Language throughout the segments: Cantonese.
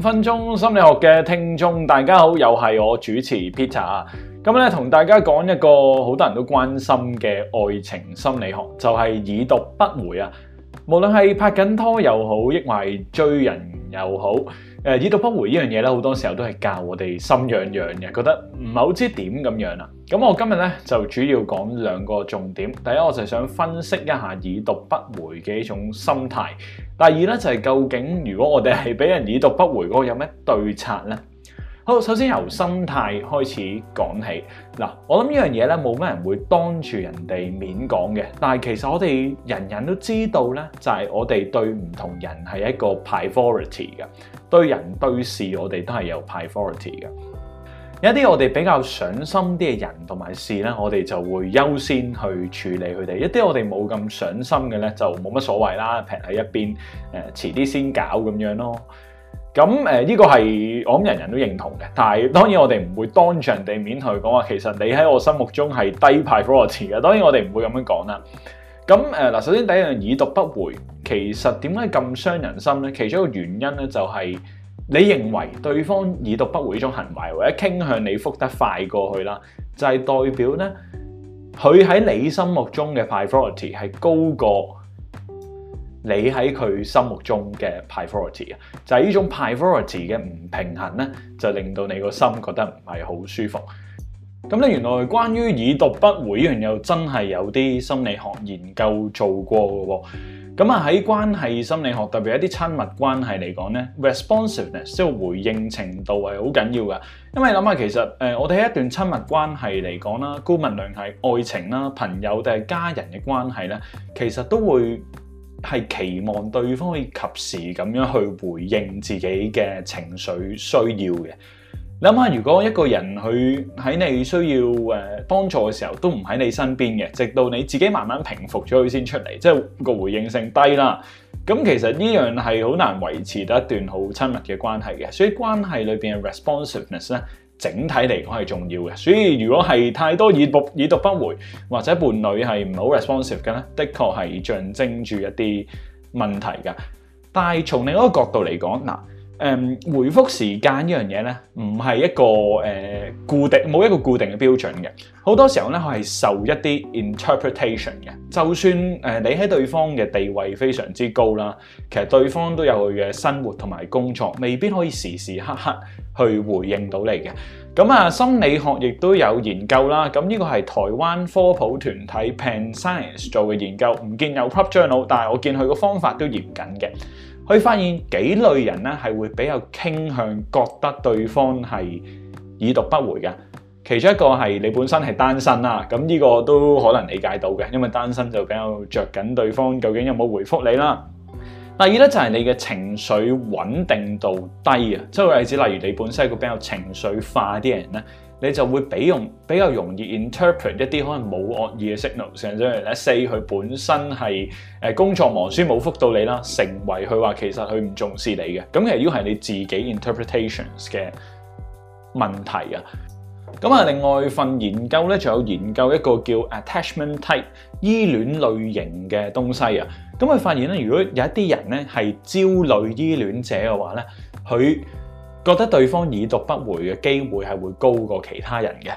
五分鐘心理學嘅聽眾，大家好，又係我主持 Peter 啊。今日咧，同大家講一個好多人都關心嘅愛情心理學，就係、是、已讀不回啊。無論係拍緊拖又好，抑或係追人又好，誒，已讀不回呢樣嘢咧，好多時候都係教我哋心癢癢嘅，覺得唔係好知點咁樣啦。咁我今日咧就主要講兩個重點。第一，我就想分析一下已讀不回嘅一種心態。第二咧就係究竟如果我哋係俾人已讀不回嗰個，有咩對策咧？好，首先由心態開始講起。嗱，我諗呢樣嘢咧冇咩人會當住人哋面講嘅，但係其實我哋人人都知道咧，就係我哋對唔同人係一個 priority 嘅，對人對事我哋都係有 priority 嘅。有啲我哋比較上心啲嘅人同埋事咧，我哋就會優先去處理佢哋；一啲我哋冇咁上心嘅咧，就冇乜所謂啦，平喺一邊，誒、呃、遲啲先搞咁樣咯。咁誒呢個係我諗人人都認同嘅，但係當然我哋唔會當場地面同佢講話，其實你喺我心目中係低派 quality 嘅。當然我哋唔會咁樣講啦。咁誒嗱，首先第一樣已讀不回，其實點解咁傷人心咧？其中一個原因咧就係、是。你認為對方已讀不回呢種行為，或者傾向你覆得快過去啦，就係代表咧佢喺你心目中嘅 priority 係高過你喺佢心目中嘅 priority 啊，就係呢種 priority 嘅唔平衡咧，就令到你個心覺得唔係好舒服。咁咧，原來關於已讀不回，原來又真係有啲心理學研究做過嘅喎。咁啊喺關係心理學，特別一啲親密關係嚟講咧，responsiveness 即係回應程度係好緊要㗎。因為諗下其實誒，我哋喺一段親密關係嚟講啦，高文量係愛情啦、朋友定係家人嘅關係咧，其實都會係期望對方可以及時咁樣去回應自己嘅情緒需要嘅。諗下，如果一個人佢喺你需要誒幫助嘅時候都唔喺你身邊嘅，直到你自己慢慢平復咗佢先出嚟，即係個回應性低啦。咁其實呢樣係好難維持一段好親密嘅關係嘅，所以關係裏邊嘅 responsiveness 咧，整體嚟講係重要嘅。所以如果係太多已讀已讀不回，或者伴侶係唔好 responsive 嘅咧，的確係象徵住一啲問題噶。但係從另一個角度嚟講，嗱。Um, 回覆時間呢樣嘢咧，唔係一、呃、一個固定，冇一個固定嘅標準嘅，好多時候咧，佢係受一啲 interpretation 嘅。就算、呃、你喺對方嘅地位非常之高啦，其實對方都有佢嘅生活同埋工作，未必可以時時刻刻去回應到你嘅。咁啊，心理學亦都有研究啦。咁呢個係台灣科普團體 Pan Science 做嘅研究，唔見有 journal，但係我見佢個方法都嚴謹嘅。可以發現幾類人咧，係會比較傾向覺得對方係已讀不回嘅。其中一個係你本身係單身啦，咁呢個都可能理解到嘅，因為單身就比較着緊對方究竟有冇回覆你啦。第二咧，就係你嘅情緒穩定度低啊，即係個例子，例如你本身係個比較情緒化啲嘅人咧。你就會比用比較容易 interpret 一啲可能冇惡意嘅 signal，成日都係咧，四佢本身係誒工作忙，所以冇覆到你啦，成為佢話其實佢唔重視你嘅。咁其實要係你自己 interpretations 嘅問題啊。咁啊，另外一份研究咧，仲有研究一個叫 attachment type 依戀類型嘅東西啊。咁佢發現咧，如果有一啲人咧係焦慮依戀者嘅話咧，佢覺得對方已讀不回嘅機會係會高過其他人嘅。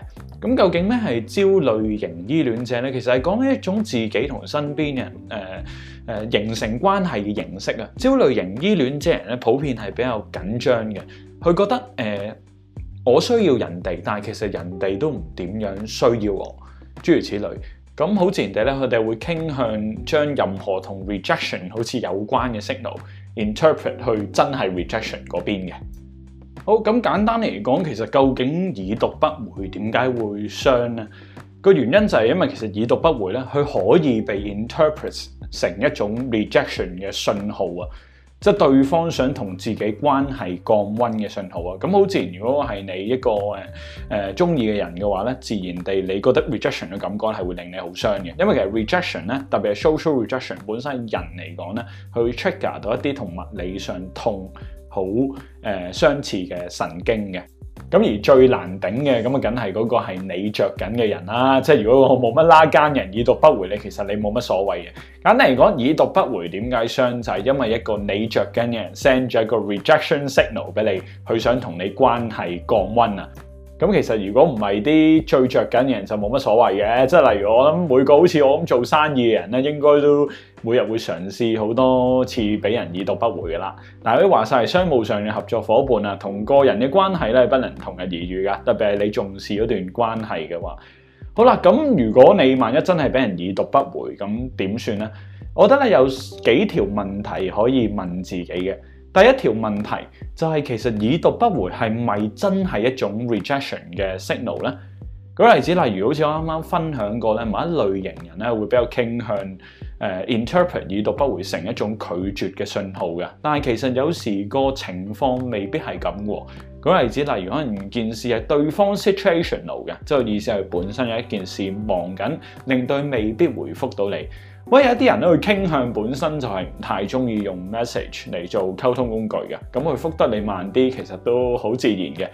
咁究竟咩係焦慮型依戀者呢？其實係講一種自己同身邊嘅人，呃呃、形成關係嘅形式啊。焦慮型依戀者人咧普遍係比較緊張嘅，佢覺得，呃、我需要人哋，但係其實人哋都唔點樣需要我。諸如此類。咁好自然地，咧，佢哋會傾向將任何同 rejection 好似有關嘅 signal interpret 去真係 rejection 嗰邊嘅。好，咁簡單嚟講，其實究竟已讀不回點解會傷呢個原因，就係因為其實已讀不回咧，佢可以被 interpret 成一種 rejection 嘅信號啊，即係對方想同自己關係降溫嘅信號啊。咁好似如果係你一個誒誒中意嘅人嘅話咧，自然地你覺得 rejection 嘅感覺係會令你好傷嘅，因為其實 rejection 咧，特別係 social rejection 本身人來，人嚟講咧，佢會 trigger 到一啲同物理上痛。好誒，呃、相似嘅神經嘅，咁而最難頂嘅咁啊，梗係嗰個係你着緊嘅人啦。即係如果我冇乜拉奸人，已讀不回你，其實你冇乜所謂嘅。簡單嚟講，已讀不回點解傷就係、是，因為一個你着緊嘅人 send 咗一個 rejection signal 俾你，佢想同你關係降温啊。咁其實如果唔係啲最着緊嘅人，就冇乜所謂嘅。即係例如我諗每個好似我咁做生意嘅人咧，應該都每日會嘗試好多次俾人已讀不回嘅啦。但係你話晒，係商務上嘅合作伙伴啊，同個人嘅關係咧，不能同日而語噶。特別係你重視嗰段關係嘅話，好啦，咁如果你萬一真係俾人已讀不回，咁點算咧？我覺得咧有幾條問題可以問自己嘅。第一條問題就係、是、其實已讀不回係咪真係一種 rejection 嘅 signal 咧？舉例子，例如好似我啱啱分享過咧，某一類型人咧會比較傾向 interpret 已讀不回成一種拒絕嘅信號嘅。但係其實有時個情況未必係咁喎。舉例子，例如可能件事係對方 situational 嘅，即係意思係本身有一件事忙緊，令到佢未必回覆到你。喂有一啲人咧，佢傾向本身就係唔太中意用 message 嚟做溝通工具嘅，咁佢復得你慢啲，其實都好自然嘅。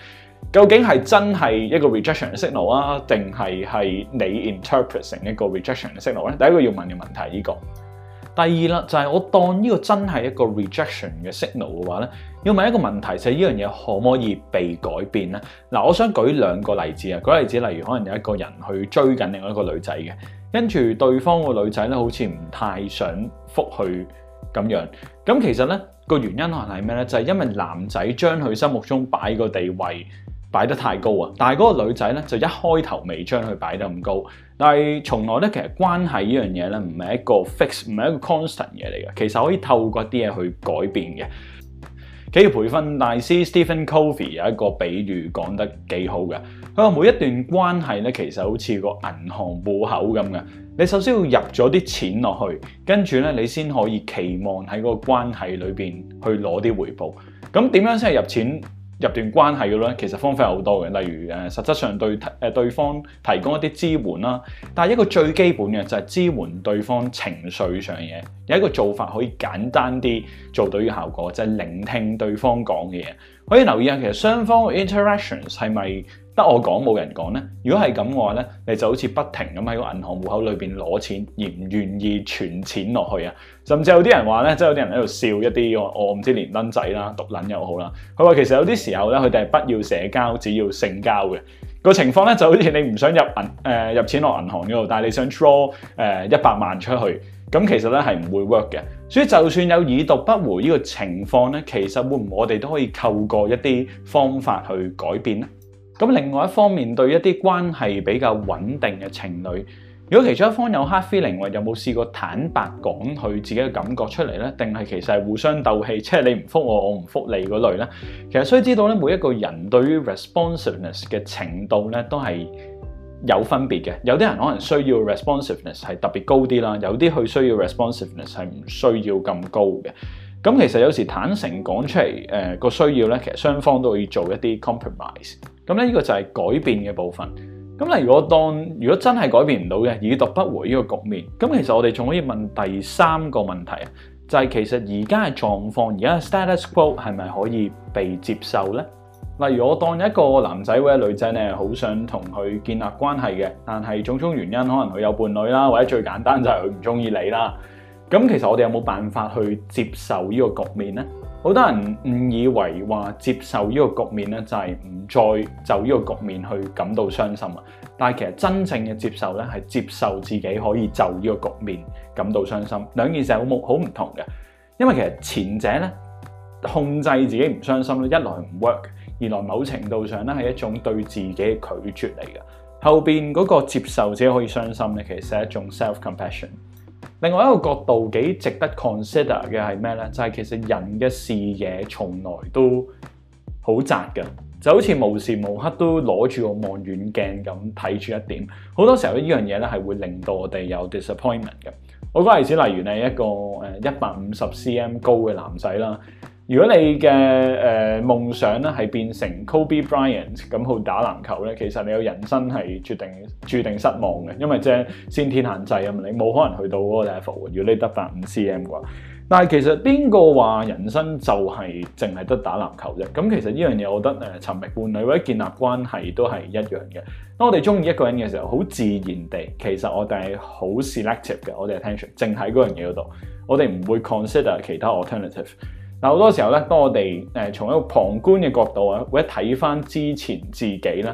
究竟係真係一個 rejection 嘅 signal 啊，定係係你 interpreting 一個 rejection 嘅 signal 咧？第一個要問嘅問題呢、這個，第二啦就係、是、我當呢個真係一個 rejection 嘅 signal 嘅話咧，要問一個問題就係呢樣嘢可唔可以被改變咧？嗱、呃，我想舉兩個例子啊，舉個例子例如可能有一個人去追緊另外一個女仔嘅。跟住對方個女仔咧，好似唔太想覆佢咁樣。咁其實咧個原因可能係咩咧？就係、是、因為男仔將佢心目中擺個地位擺得太高啊！但係嗰個女仔咧就一開頭未將佢擺得咁高。但係從來咧，其實關係呢樣嘢咧，唔係一個 fix，唔係一個 constant 嘢嚟嘅。其實可以透過啲嘢去改變嘅。企業培訓大師 Stephen Covey 有一個比喻講得幾好嘅。佢每一段關係咧，其實好似個銀行戶口咁嘅。你首先要入咗啲錢落去，跟住咧，你先可以期望喺嗰個關係裏邊去攞啲回報。咁點樣先係入錢入段關係嘅咧？其實方法係好多嘅，例如誒，實質上對誒對方提供一啲支援啦。但係一個最基本嘅就係支援對方情緒上嘅嘢。有一個做法可以簡單啲做到嘅效果，就係聆聽對方講嘢。可以留意下其實雙方 interactions 係咪？得我講冇人講咧。如果係咁嘅話咧，你就好似不停咁喺個銀行戶口裏邊攞錢，而唔願意存錢落去啊。甚至有啲人話咧，即係有啲人喺度笑一啲我不知道，唔知年癩仔啦、毒撚又好啦。佢話其實有啲時候咧，佢哋係不要社交，只要性交嘅個情況咧，就好似你唔想入銀誒、呃、入錢落銀行嗰度，但係你想 draw 一百萬出去，咁其實咧係唔會 work 嘅。所以就算有已讀不回呢個情況咧，其實會唔會我哋都可以透過一啲方法去改變咧。咁另外一方面，對一啲關係比較穩定嘅情侶，如果其中一方有 hard feeling，或有冇試過坦白講佢自己嘅感覺出嚟呢，定係其實係互相鬥氣，即係你唔復我，我唔復你嗰類咧？其實需知道咧，每一個人對於 responsiveness 嘅程度咧，都係有分別嘅。有啲人可能需要 responsiveness 係特別高啲啦，有啲佢需要 responsiveness 係唔需要咁高嘅。咁其實有時坦誠講出嚟，誒個需要咧，其實雙方都會做一啲 compromise。咁咧，呢個就係改變嘅部分。咁例如我當如果真係改變唔到嘅，已讀不回呢個局面，咁其實我哋仲可以問第三個問題啊，就係其實而家嘅狀況，而家嘅 status quo 係咪可以被接受咧？例如我當一個男仔或者女仔咧，好想同佢建立關係嘅，但係種種原因可能佢有伴侶啦，或者最簡單就係佢唔中意你啦。咁其實我哋有冇辦法去接受呢個局面呢？好多人誤以為話接受呢個局面咧，就係唔再就呢個局面去感到傷心啊！但係其實真正嘅接受咧，係接受自己可以就呢個局面感到傷心。兩件事好唔同嘅，因為其實前者咧，控制自己唔傷心咧，一來唔 work，二來某程度上咧係一種對自己嘅拒絕嚟嘅。後邊嗰個接受自己可以傷心咧，其實係一種 self compassion。另外一個角度幾值得 consider 嘅係咩咧？就係、是、其實人嘅視野從來都好窄嘅，就好似無時無刻都攞住個望遠鏡咁睇住一點。好多時候呢依樣嘢咧係會令到我哋有 disappointment 嘅。我舉例子，例如咧，一個誒一百五十 cm 高嘅男仔啦。如果你嘅誒、呃、夢想咧係變成 Kobe Bryant 咁去打籃球咧，其實你個人生係注定注定失望嘅，因為即係先天限制啊嘛，你冇可能去到嗰個 level，如果你得翻五 cm 嘅話。但係其實邊個話人生就係淨係得打籃球啫？咁其實呢樣嘢，我覺得誒，尋覓伴侶或者建立關係都係一樣嘅。當我哋中意一個人嘅時候，好自然地，其實我哋係好 selective 嘅，我哋 attention，淨喺嗰樣嘢嗰度，我哋唔會 consider 其他 alternative。但好多時候咧，當我哋從一個旁觀嘅角度啊，或者睇翻之前自己咧，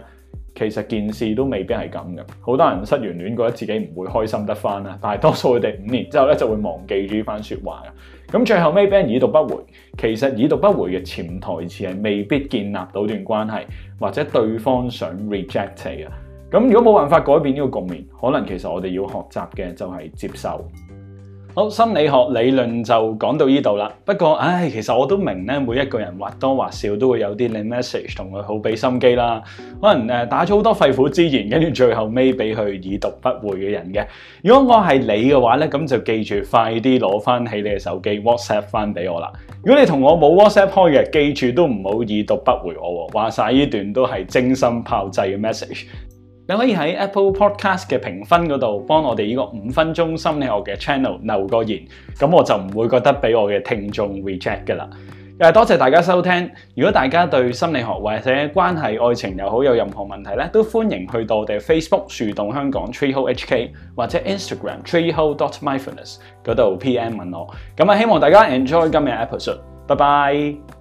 其實件事都未必係咁嘅。好多人失完戀，覺得自己唔會開心得翻啦，但係多數佢哋五年之後咧就會忘記住呢番説話。咁最後尾畀人已讀不回，其實已讀不回嘅潛台詞係未必建立到段關係，或者對方想 reject 佢嘅。咁如果冇辦法改變呢個局面，可能其實我哋要學習嘅就係接受。好，心理學理論就講到呢度啦。不過，唉，其實我都明咧，每一個人或多或少都會有啲你 message 同佢好俾心機啦。可能誒打咗好多肺腑之言，跟住最後尾俾佢已讀不回嘅人嘅。如果我係你嘅話咧，咁就記住快啲攞翻起你嘅手機 WhatsApp 翻俾我啦。如果你同我冇 WhatsApp 開嘅，記住都唔好已讀不回我。話晒呢段都係精心炮製嘅 message。你可以喺 Apple Podcast 嘅評分嗰度幫我哋呢個五分鐘心理學嘅 channel 留個言，咁我就唔會覺得俾我嘅聽眾 reject 噶啦。又係多謝大家收聽，如果大家對心理學或者關係、愛情又好有任何問題咧，都歡迎去到我哋 Facebook 樹洞香港 Tree Hole HK 或者 Instagram Tree Hole dot Mindfulness 嗰度 PM 問我。咁啊，希望大家 enjoy 今日嘅 episode，拜拜。